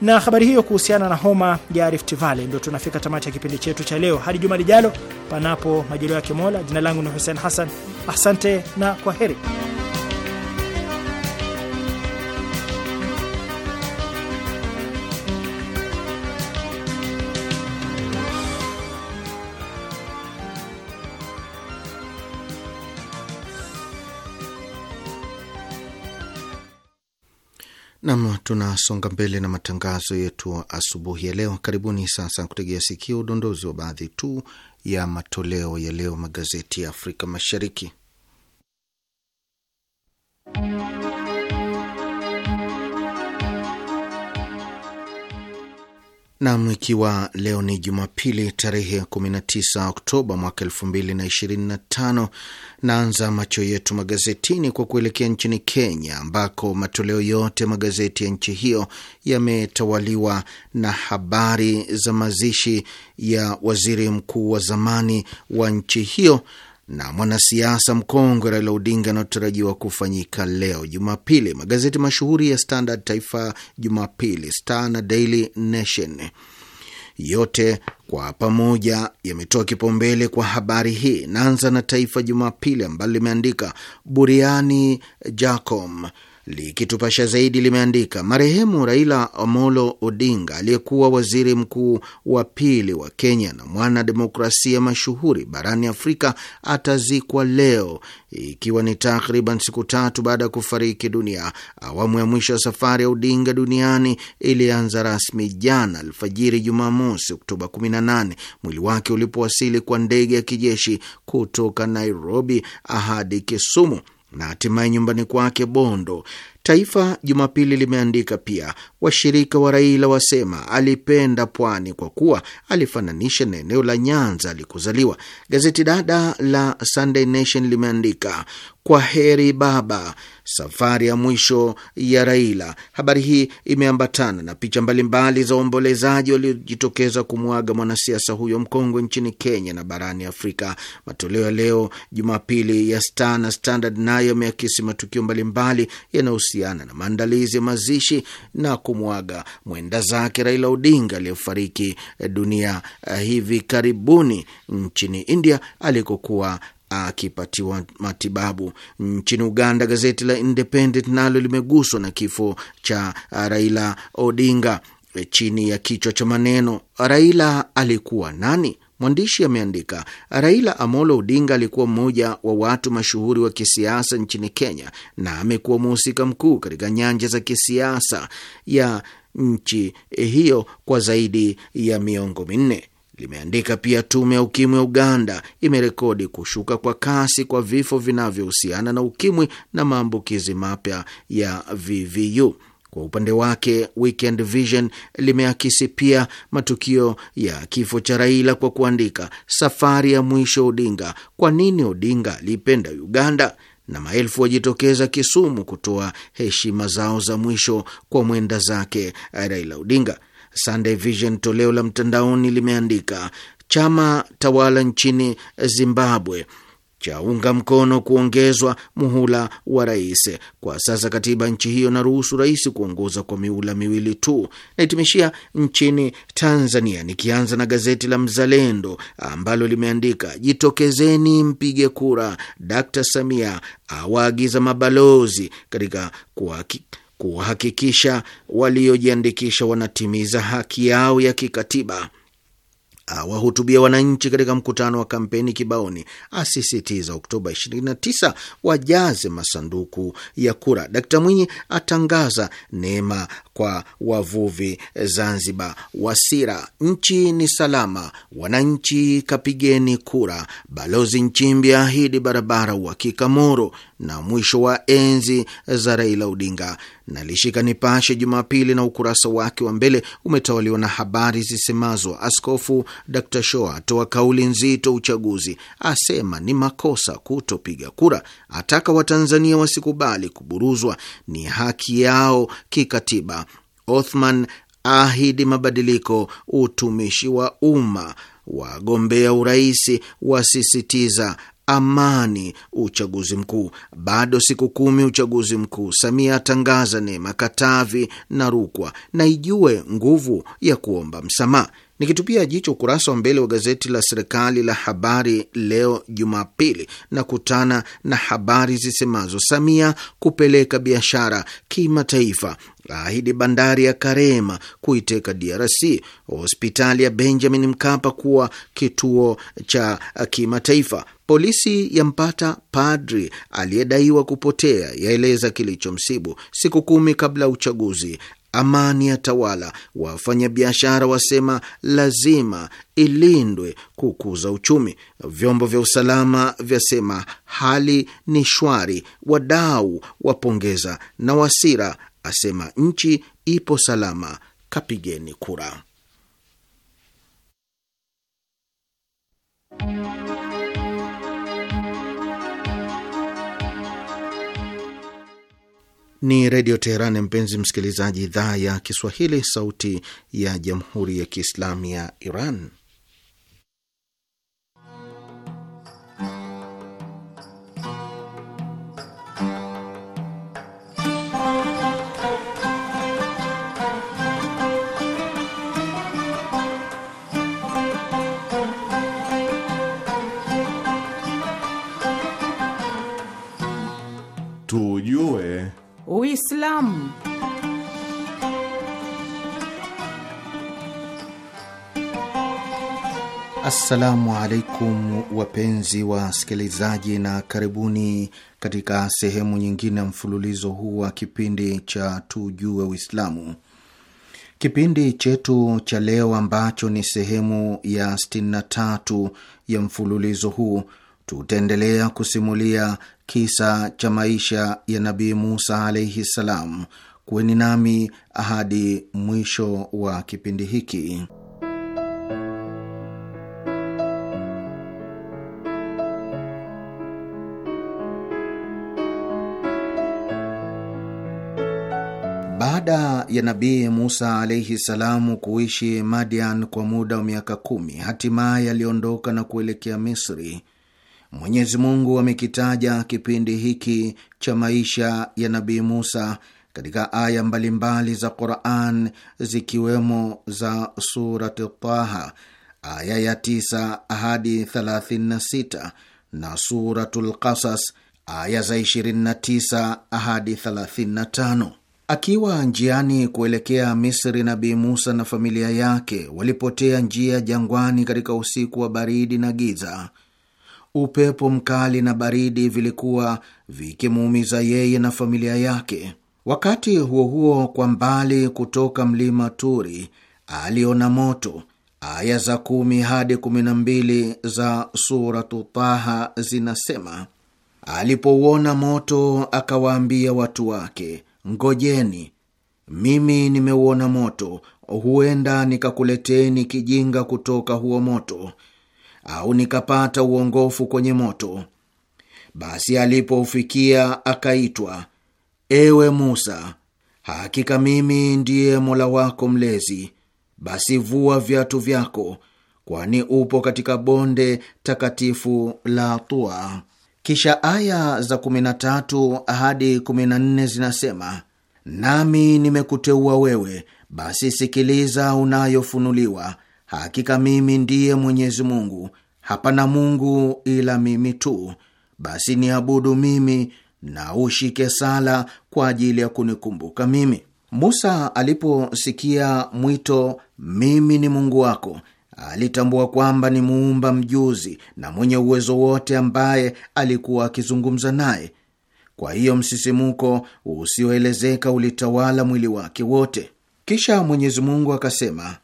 Na habari hiyo kuhusiana na homa ya Rift Valley ndio tunafika tamati ya kipindi chetu cha leo. Hadi juma lijalo, panapo majaliwa ya Kimola. Jina langu ni Hussein Hassan, asante na kwa heri. Nam, tunasonga mbele na matangazo yetu asubuhi ya leo. Karibuni sasa kutegea sikia udondozi wa baadhi tu ya matoleo ya leo magazeti ya Afrika Mashariki. Nam, ikiwa leo ni Jumapili tarehe 19 Oktoba mwaka 2025, naanza macho yetu magazetini kwa kuelekea nchini Kenya ambako matoleo yote magazeti ya nchi hiyo yametawaliwa na habari za mazishi ya waziri mkuu wa zamani wa nchi hiyo na mwanasiasa mkongwe Raila Odinga anaotarajiwa kufanyika leo Jumapili. Magazeti mashuhuri ya Standard, Taifa Jumapili, Star na Daily Nation yote kwa pamoja yametoa kipaumbele kwa habari hii. Naanza na Taifa Jumapili ambalo limeandika buriani Jacom likitupasha zaidi limeandika marehemu Raila Amolo Odinga aliyekuwa waziri mkuu wa pili wa Kenya na mwanademokrasia mashuhuri barani Afrika atazikwa leo ikiwa ni takriban siku tatu baada ya kufariki dunia. Awamu ya mwisho ya safari ya Odinga duniani ilianza rasmi jana alfajiri Jumamosi, Oktoba 18 mwili wake ulipowasili kwa ndege ya kijeshi kutoka Nairobi hadi Kisumu na hatimaye nyumbani kwake Bondo Taifa Jumapili limeandika pia, washirika wa Raila wasema alipenda pwani kwa kuwa alifananisha na eneo la Nyanza alikuzaliwa. Gazeti dada la Sunday Nation limeandika kwa heri baba, safari ya mwisho ya Raila. Habari hii imeambatana na picha mbalimbali za waombolezaji waliojitokeza kumwaga mwanasiasa huyo mkongwe nchini Kenya na barani Afrika. Matoleo ya leo Jumapili ya Star na Standard nayo yameakisi matukio mbalimbali yanayo kuhusiana na maandalizi ya mazishi na kumwaga mwenda zake Raila Odinga aliyefariki dunia eh, hivi karibuni nchini India alikokuwa akipatiwa matibabu. Nchini Uganda, gazeti la Independent nalo limeguswa na kifo cha eh, Raila Odinga eh, chini ya kichwa cha maneno Raila alikuwa nani? Mwandishi ameandika, Raila Amolo Odinga alikuwa mmoja wa watu mashuhuri wa kisiasa nchini Kenya na amekuwa mhusika mkuu katika nyanja za kisiasa ya nchi hiyo kwa zaidi ya miongo minne. Limeandika pia, tume ya ukimwi ya Uganda imerekodi kushuka kwa kasi kwa vifo vinavyohusiana na ukimwi na maambukizi mapya ya VVU. Kwa upande wake Weekend Vision limeakisi pia matukio ya kifo cha Raila kwa kuandika safari ya mwisho Odinga, kwa nini Odinga alipenda Uganda, na maelfu wajitokeza Kisumu kutoa heshima zao za mwisho kwa mwenda zake Raila Odinga. Sunday Vision toleo la mtandaoni limeandika chama tawala nchini Zimbabwe chaunga mkono kuongezwa muhula wa rais. Kwa sasa katiba nchi hiyo inaruhusu rais kuongoza kwa miula miwili tu. naitimishia nchini Tanzania, nikianza na gazeti la Mzalendo ambalo limeandika jitokezeni mpige kura, Dkt Samia awaagiza mabalozi katika kuhaki kuhakikisha waliojiandikisha wanatimiza haki yao ya kikatiba awahutubia wananchi katika mkutano wa kampeni Kibaoni, asisitiza Oktoba 29 wajaze masanduku ya kura. Dkt Mwinyi atangaza neema kwa wavuvi Zanzibar. Wasira, nchi ni salama, wananchi kapigeni kura. Balozi Nchimbi ahidi barabara uhakika Moro, na mwisho wa enzi za Raila Odinga nalishika Nipashe Jumapili na ukurasa wake wa mbele umetawaliwa na habari zisemazo Askofu Dr Shoa atoa kauli nzito uchaguzi, asema ni makosa kutopiga kura, ataka Watanzania wasikubali kuburuzwa, ni haki yao kikatiba. Othman ahidi mabadiliko utumishi wa umma, wagombea urais wasisitiza amani uchaguzi mkuu. Bado siku kumi uchaguzi mkuu. Samia atangaza neema Katavi na Rukwa, na ijue nguvu ya kuomba msamaha. Nikitupia jicho ukurasa wa mbele wa gazeti la serikali la Habari Leo Jumapili, na kutana na habari zisemazo Samia kupeleka biashara kimataifa, ahidi bandari ya Karema kuiteka DRC, hospitali ya Benjamin Mkapa kuwa kituo cha kimataifa, polisi yampata padri aliyedaiwa kupotea, yaeleza kilichomsibu siku kumi kabla ya uchaguzi, amani ya tawala, wafanyabiashara wasema lazima ilindwe kukuza uchumi, vyombo vya usalama vyasema hali ni shwari, wadau wapongeza na Wasira asema nchi ipo salama, kapigeni kura. Ni Redio Teheran, mpenzi msikilizaji, idhaa ya Kiswahili, sauti ya Jamhuri ya Kiislamu ya Iran. tujue Uislamu. Assalamu alaikum wapenzi wa sikilizaji, na karibuni katika sehemu nyingine ya mfululizo huu wa kipindi cha tujue Uislamu. Kipindi chetu cha leo ambacho ni sehemu ya 63 ya mfululizo huu tutaendelea kusimulia kisa cha maisha ya Nabii Musa alaihi ssalam. Kuweni nami hadi mwisho wa kipindi hiki. Baada ya Nabii Musa alaihi salamu kuishi Madian kwa muda wa miaka kumi, hatimaye aliondoka na kuelekea Misri. Mwenyezi Mungu amekitaja kipindi hiki cha maisha ya Nabii Musa katika aya mbalimbali za Quran zikiwemo za surat Taha aya ya 9 hadi 36 na Suratul Qasas aya za 29 hadi 35. Akiwa njiani kuelekea Misri, Nabii Musa na familia yake walipotea njia jangwani katika usiku wa baridi na giza upepo mkali na baridi vilikuwa vikimuumiza yeye na familia yake. Wakati huo huo, kwa mbali kutoka mlima Turi aliona moto. Aya za kumi hadi kumi na mbili za Suratu Taha zinasema Alipouona moto akawaambia watu wake, ngojeni, mimi nimeuona moto, huenda nikakuleteni kijinga kutoka huo moto au nikapata uongofu kwenye moto. Basi alipoufikia akaitwa, ewe Musa, hakika mimi ndiye Mola wako Mlezi, basi vua viatu vyako, kwani upo katika bonde takatifu la Tua. Kisha aya za 13 hadi 14 zinasema, nami nimekuteua wewe, basi sikiliza unayofunuliwa Hakika mimi ndiye Mwenyezi Mungu, hapana Mungu ila mimi tu, basi niabudu mimi na ushike sala kwa ajili ya kunikumbuka mimi. Musa aliposikia mwito, mimi ni Mungu wako, alitambua kwamba ni muumba mjuzi na mwenye uwezo wote ambaye alikuwa akizungumza naye. Kwa hiyo msisimuko usioelezeka ulitawala mwili wake wote. Kisha Mwenyezi Mungu akasema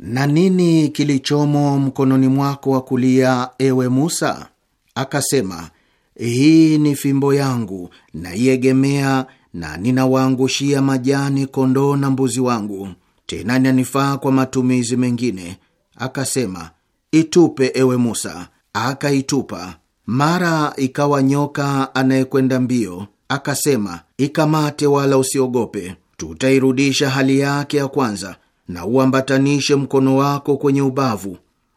na nini kilichomo mkononi mwako wa kulia, ewe Musa? Akasema, hii ni fimbo yangu, naiegemea na ninawaangushia majani kondoo na mbuzi wangu, tena nanifaa kwa matumizi mengine. Akasema, itupe ewe Musa. Akaitupa. Mara ikawa nyoka anayekwenda mbio, akasema, ikamate wala usiogope, tutairudisha hali yake ya kwanza na uambatanishe mkono wako kwenye ubavu,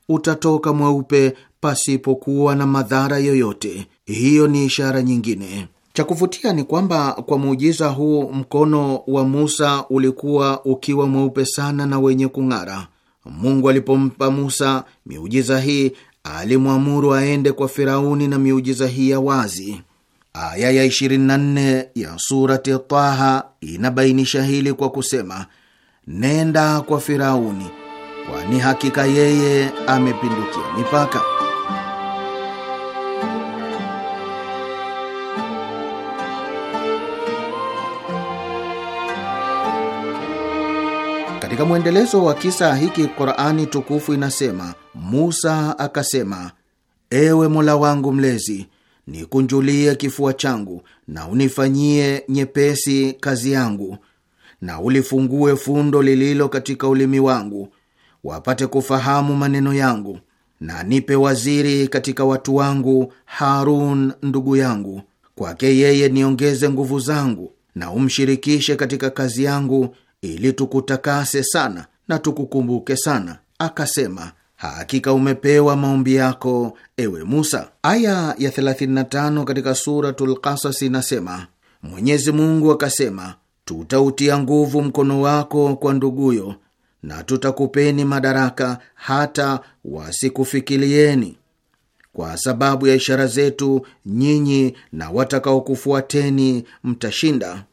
utatoka mweupe pasipokuwa na madhara yoyote. Hiyo ni ishara nyingine. Cha kuvutia ni kwamba kwa muujiza huu mkono wa Musa ulikuwa ukiwa mweupe sana na wenye kung'ara. Mungu alipompa Musa miujiza hii, alimwamuru aende kwa Firauni na miujiza hii ya wazi. Aya ya 24 ya surati Taha inabainisha hili kwa kusema nenda kwa Firauni, kwani hakika yeye amepindukia mipaka. Katika mwendelezo wa kisa hiki, Qurani tukufu inasema, Musa akasema, ewe Mola wangu mlezi nikunjulie kifua changu na unifanyie nyepesi kazi yangu na ulifungue fundo lililo katika ulimi wangu, wapate kufahamu maneno yangu, na nipe waziri katika watu wangu, Harun ndugu yangu. Kwake yeye niongeze nguvu zangu, na umshirikishe katika kazi yangu, ili tukutakase sana na tukukumbuke sana. Akasema, hakika umepewa maombi yako, ewe Musa. Aya ya 35 katika Suratul Kasasi inasema Mwenyezi Mungu akasema tutautia nguvu mkono wako kwa nduguyo, na tutakupeni madaraka hata wasikufikilieni. Kwa sababu ya ishara zetu, nyinyi na watakaokufuateni mtashinda.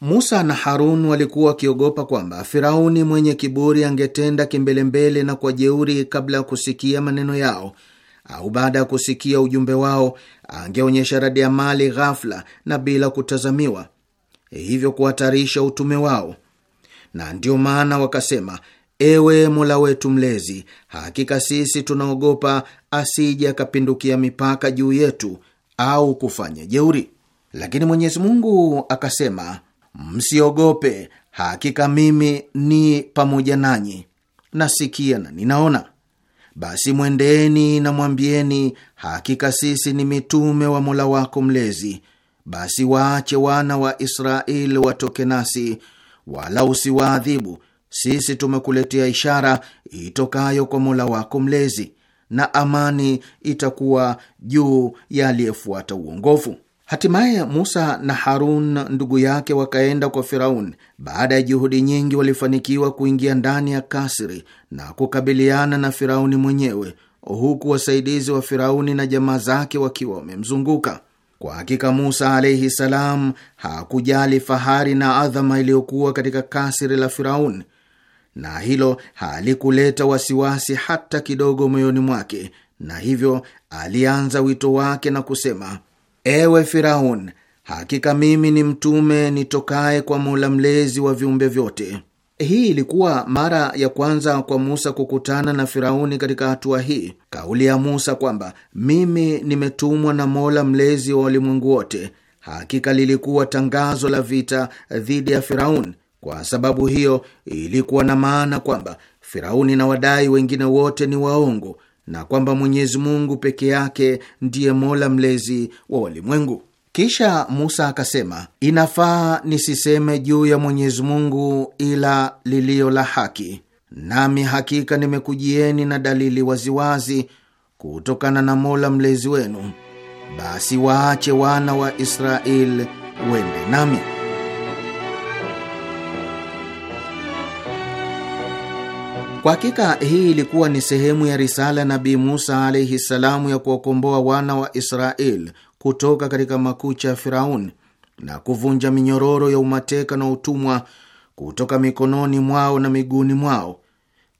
Musa na Harun walikuwa wakiogopa kwamba Firauni mwenye kiburi angetenda kimbelembele na kwa jeuri kabla ya kusikia maneno yao au baada ya kusikia ujumbe wao, angeonyesha radi ya mali ghafla na bila kutazamiwa, hivyo kuhatarisha utume wao, na ndiyo maana wakasema, ewe Mola wetu Mlezi, hakika sisi tunaogopa asije akapindukia mipaka juu yetu au kufanya jeuri. Lakini Mwenyezi Mungu akasema, msiogope, hakika mimi ni pamoja nanyi, nasikia na ninaona. Basi mwendeni na mwambieni, hakika sisi ni mitume wa Mola wako Mlezi, basi waache wana wa Israeli watoke nasi, wala usiwaadhibu. Sisi tumekuletea ishara itokayo kwa Mola wako Mlezi, na amani itakuwa juu ya aliyefuata uongofu. Hatimaye Musa na Harun ndugu yake wakaenda kwa firaun Baada ya juhudi nyingi, walifanikiwa kuingia ndani ya kasri na kukabiliana na Firauni mwenyewe, huku wasaidizi wa Firauni na jamaa zake wakiwa wamemzunguka. Kwa hakika Musa alaihi salam hakujali fahari na adhama iliyokuwa katika kasiri la Firauni, na hilo halikuleta wasiwasi hata kidogo moyoni mwake, na hivyo alianza wito wake na kusema: ewe Firaun, hakika mimi ni mtume nitokaye kwa Mola mlezi wa viumbe vyote hii ilikuwa mara ya kwanza kwa Musa kukutana na Firauni katika hatua hii. Kauli ya Musa kwamba mimi nimetumwa na Mola mlezi wa walimwengu wote, hakika lilikuwa tangazo la vita dhidi ya Firauni. Kwa sababu hiyo, ilikuwa na maana kwamba Firauni na wadai wengine wote ni waongo na kwamba Mwenyezi Mungu peke yake ndiye Mola mlezi wa walimwengu. Kisha Musa akasema, inafaa nisiseme juu ya Mwenyezi Mungu ila liliyo la haki, nami hakika nimekujieni na dalili waziwazi kutokana na Mola mlezi wenu, basi waache wana wa Israeli wende nami. Kwa hakika hii ilikuwa ni sehemu ya risala ya Nabii Musa alaihi salamu ya kuwakomboa wana wa Israeli kutoka katika makucha ya Firauni na kuvunja minyororo ya umateka na utumwa kutoka mikononi mwao na miguuni mwao,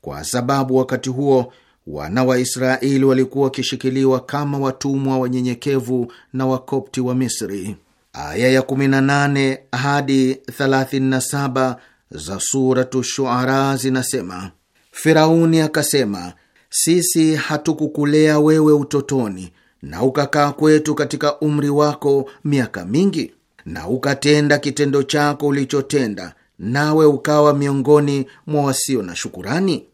kwa sababu wakati huo wana wa Israeli walikuwa wakishikiliwa kama watumwa wanyenyekevu na Wakopti wa Misri. Aya ya 18 hadi 37 za Suratu Shuara zinasema: Firauni akasema, sisi hatukukulea wewe utotoni na ukakaa kwetu katika umri wako miaka mingi, na ukatenda kitendo chako ulichotenda, nawe ukawa miongoni mwa wasio na shukurani?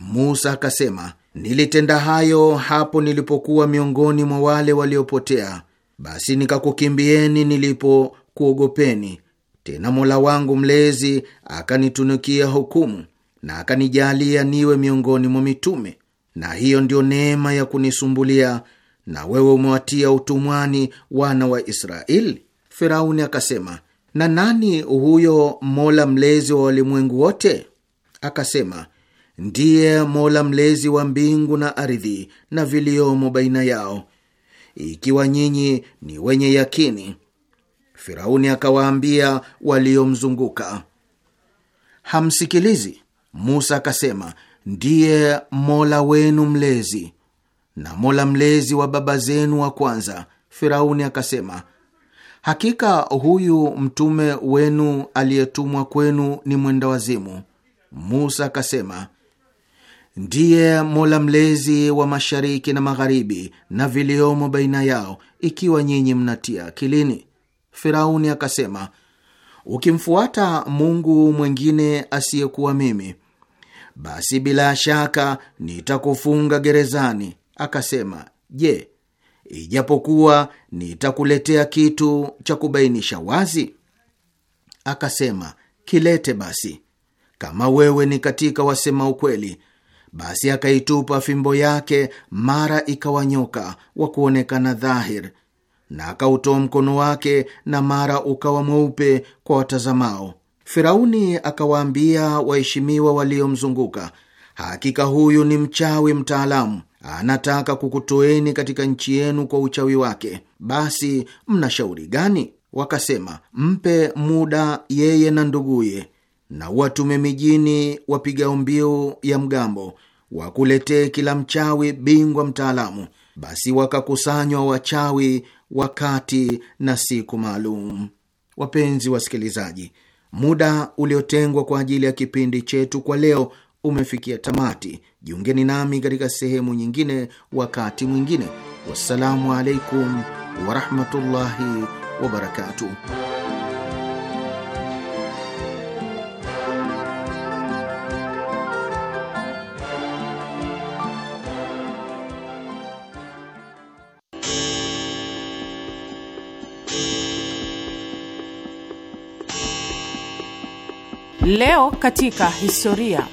Musa akasema, nilitenda hayo hapo nilipokuwa miongoni mwa wale waliopotea, basi nikakukimbieni nilipokuogopeni. Tena Mola wangu Mlezi akanitunukia hukumu na akanijalia niwe miongoni mwa mitume, na hiyo ndiyo neema ya kunisumbulia na wewe umewatia utumwani wana wa Israeli? Firauni akasema, na nani huyo mola mlezi wa walimwengu wote? Akasema, ndiye mola mlezi wa mbingu na ardhi na viliomo baina yao, ikiwa nyinyi ni wenye yakini. Firauni akawaambia waliomzunguka, hamsikilizi? Musa akasema, ndiye mola wenu mlezi na Mola mlezi wa baba zenu wa kwanza. Firauni akasema, hakika huyu mtume wenu aliyetumwa kwenu ni mwenda wazimu. Musa akasema, ndiye Mola mlezi wa mashariki na magharibi na viliomo baina yao, ikiwa nyinyi mnatia akilini. Firauni akasema, ukimfuata Mungu mwengine asiyekuwa mimi, basi bila shaka nitakufunga gerezani akasema, Je, ijapokuwa nitakuletea kitu cha kubainisha wazi? Akasema, kilete basi, kama wewe ni katika wasema ukweli. Basi akaitupa fimbo yake, mara ikawanyoka wa kuonekana dhahir, na akautoa mkono wake, na mara ukawa mweupe kwa watazamao. Firauni akawaambia waheshimiwa waliomzunguka, hakika huyu ni mchawi mtaalamu anataka kukutoeni katika nchi yenu kwa uchawi wake, basi mna shauri gani? Wakasema, mpe muda yeye na nduguye, na watume mijini wapigao mbiu ya mgambo wakuletee kila mchawi bingwa mtaalamu. Basi wakakusanywa wachawi wakati na siku maalum. Wapenzi wasikilizaji, muda uliotengwa kwa ajili ya kipindi chetu kwa leo umefikia tamati Jiungeni nami katika sehemu nyingine wakati mwingine. Wassalamu alaikum warahmatullahi wabarakatuh. Leo katika historia.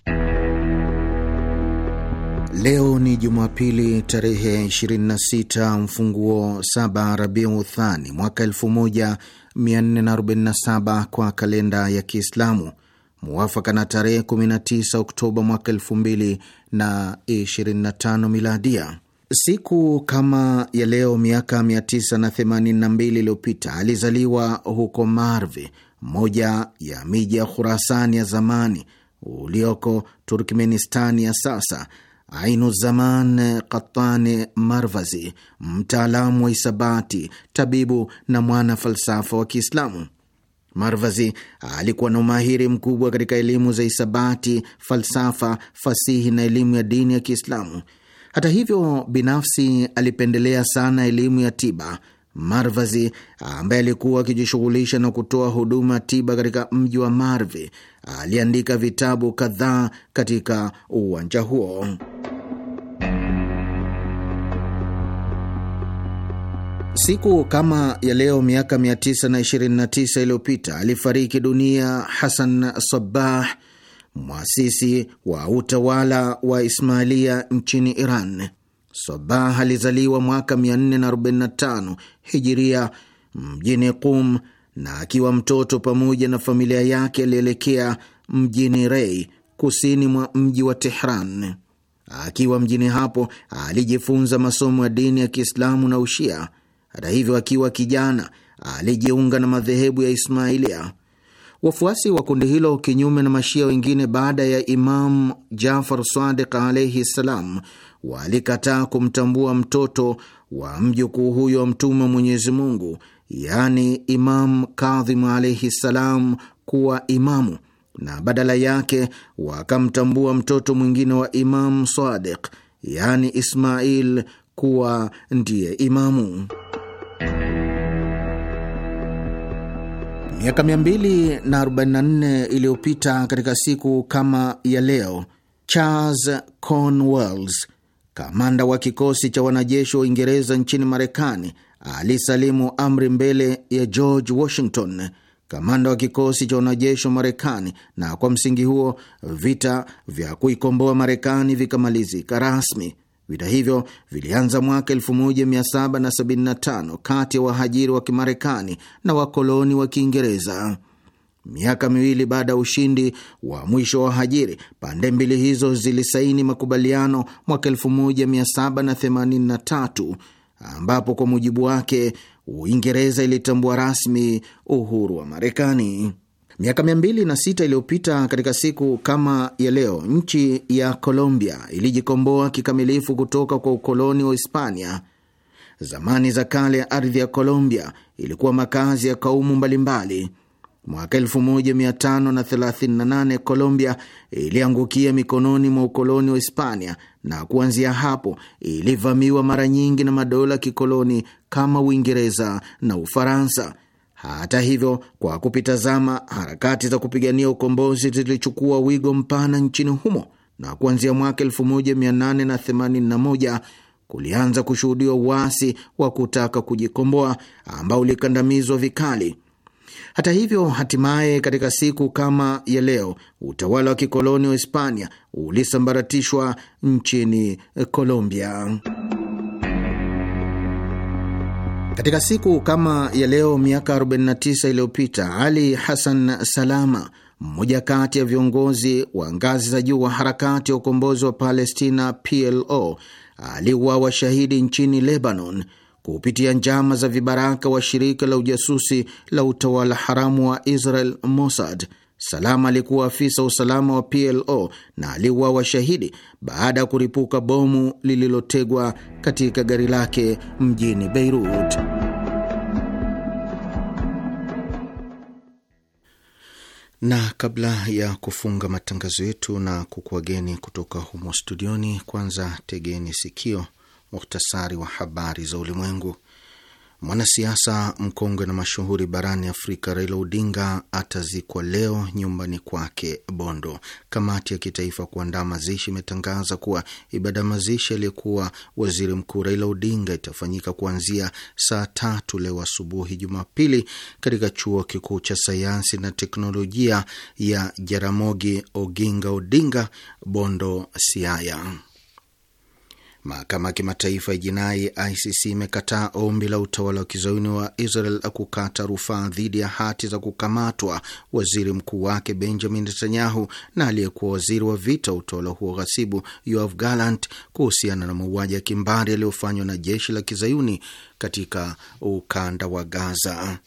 Leo ni Jumapili tarehe 26 mfunguo saba Rabiu Thani mwaka 1447 kwa kalenda ya Kiislamu, muwafaka na tarehe 19 Oktoba mwaka 2025 miladia. Siku kama ya leo miaka 982 iliyopita alizaliwa huko Marvi, moja ya miji ya Khurasani ya zamani ulioko Turkmenistani ya sasa Zaman Katane Marvazi, mtaalamu wa hisabati, tabibu na mwana falsafa wa Kiislamu. Marvazi alikuwa na umahiri mkubwa katika elimu za hisabati, falsafa, fasihi na elimu ya dini ya Kiislamu. Hata hivyo, binafsi alipendelea sana elimu ya tiba Marvazi ambaye alikuwa akijishughulisha na kutoa huduma tiba katika mji wa Marvi aliandika vitabu kadhaa katika uwanja huo. Siku kama ya leo miaka 929 iliyopita alifariki dunia Hasan Sabah, mwasisi wa utawala wa Ismailia nchini Iran. Sabah alizaliwa mwaka 445 hijiria mjini Qum, na akiwa mtoto pamoja na familia yake alielekea mjini Rei, kusini mwa mji wa Tehran. Akiwa mjini hapo alijifunza masomo ya dini ya Kiislamu na Ushia. Hata hivyo, akiwa kijana alijiunga na madhehebu ya Ismailia. Wafuasi wa kundi hilo, kinyume na mashia wengine, baada ya Imam Jafar Sadiq alaihi ssalam, walikataa kumtambua mtoto wa mjukuu huyo wa Mtume wa Mwenyezi Mungu, yaani Imam Kadhim alaihi ssalam kuwa imamu, na badala yake wakamtambua mtoto mwingine wa Imam Sadiq, yaani Ismail kuwa ndiye imamu. Miaka 244 iliyopita katika siku kama ya leo, Charles Cornwallis kamanda wa kikosi cha wanajeshi wa Uingereza nchini Marekani alisalimu amri mbele ya George Washington, kamanda wa kikosi cha wanajeshi wa Marekani, na kwa msingi huo vita vya kuikomboa Marekani vikamalizika rasmi. Vita hivyo vilianza mwaka 1775 kati ya wahajiri wa Kimarekani na wakoloni wa Kiingereza. Miaka miwili baada ya ushindi wa mwisho wa Hajiri, pande mbili hizo zilisaini makubaliano mwaka 1783 ambapo kwa mujibu wake Uingereza ilitambua rasmi uhuru wa Marekani. Miaka mia mbili na sita iliyopita katika siku kama ya leo, nchi ya Colombia ilijikomboa kikamilifu kutoka kwa ukoloni wa Hispania. Zamani za kale, ardhi ya Colombia ilikuwa makazi ya kaumu mbalimbali mbali. Mwaka 1538 Colombia iliangukia mikononi mwa ukoloni wa Hispania na kuanzia hapo ilivamiwa mara nyingi na madola kikoloni kama Uingereza na Ufaransa. Hata hivyo, kwa kupitazama, harakati za kupigania ukombozi zilichukua wigo mpana nchini humo na kuanzia mwaka 1881 kulianza kushuhudiwa uasi wa kutaka kujikomboa ambao ulikandamizwa vikali. Hata hivyo, hatimaye katika siku kama ya leo utawala wa kikoloni wa Hispania ulisambaratishwa nchini Colombia. Katika siku kama ya leo miaka 49 iliyopita Ali Hassan Salama, mmoja kati ya viongozi wa ngazi za juu wa harakati ya ukombozi wa Palestina PLO, aliuawa shahidi nchini Lebanon kupitia njama za vibaraka wa shirika la ujasusi la utawala haramu wa Israel, Mossad. salama alikuwa afisa usalama wa PLO na aliuawa shahidi baada ya kuripuka bomu lililotegwa katika gari lake mjini Beirut. Na kabla ya kufunga matangazo yetu na kukuageni kutoka humo studioni, kwanza tegeni sikio muhtasari wa habari za ulimwengu. Mwanasiasa mkongwe na mashuhuri barani Afrika Raila Odinga atazikwa leo nyumbani kwake Bondo. Kamati ya kitaifa kuandaa mazishi imetangaza kuwa ibada ya mazishi aliyekuwa waziri mkuu Raila Odinga itafanyika kuanzia saa tatu leo asubuhi Jumapili katika chuo kikuu cha sayansi na teknolojia ya Jaramogi Oginga Odinga, Bondo, Siaya. Mahakama ya Kimataifa ya Jinai ICC imekataa ombi la utawala wa kizayuni wa Israel kukata rufaa dhidi ya hati za kukamatwa waziri mkuu wake Benjamin Netanyahu na aliyekuwa waziri wa vita wa utawala huo ghasibu Yoav Gallant kuhusiana na mauaji ya kimbari yaliyofanywa na jeshi la kizayuni katika ukanda wa Gaza.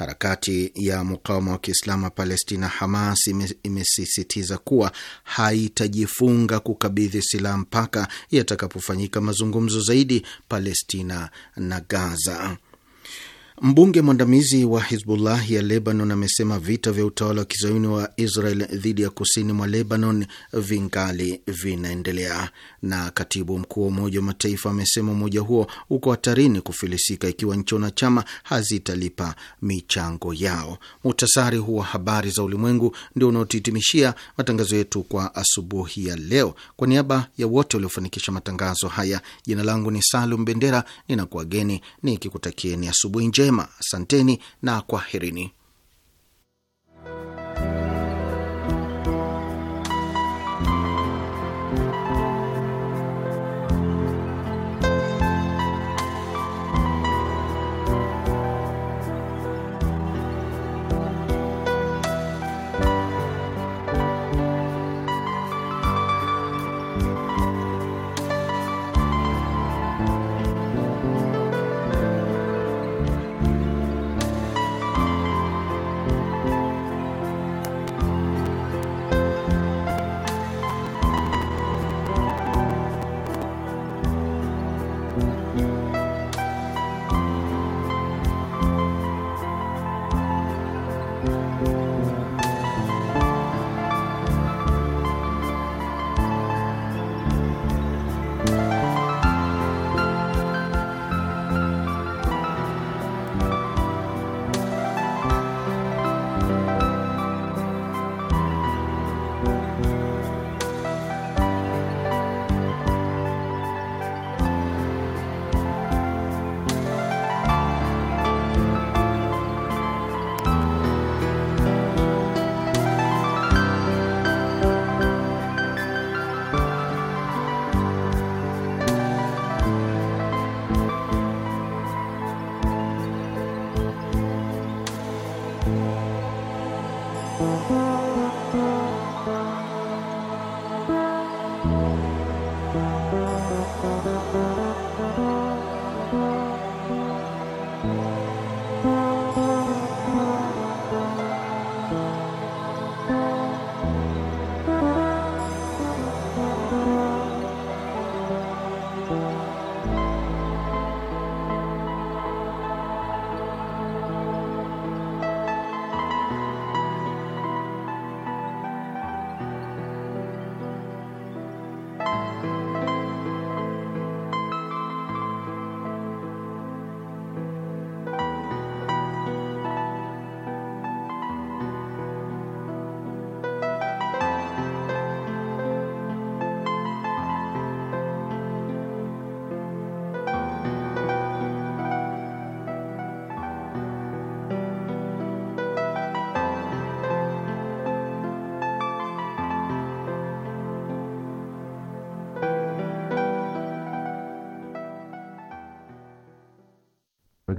Harakati ya mukawama wa Kiislamu wa Palestina, Hamas, imesisitiza kuwa haitajifunga kukabidhi silaha mpaka yatakapofanyika mazungumzo zaidi Palestina na Gaza. Mbunge mwandamizi wa Hizbullah ya Lebanon amesema vita vya utawala wa kizayuni wa Israel dhidi ya kusini mwa Lebanon vingali vinaendelea. Na katibu mkuu wa Umoja wa Mataifa amesema umoja huo uko hatarini kufilisika ikiwa nchi wanachama hazitalipa michango yao. Muhtasari huu wa habari za ulimwengu ndio unaotuhitimishia matangazo yetu kwa asubuhi ya leo. Kwa niaba ya wote waliofanikisha matangazo haya, jina langu ni Salum Bendera, ninakuwageni nikikutakieni asubuhi njema wema. Asanteni na kwaherini.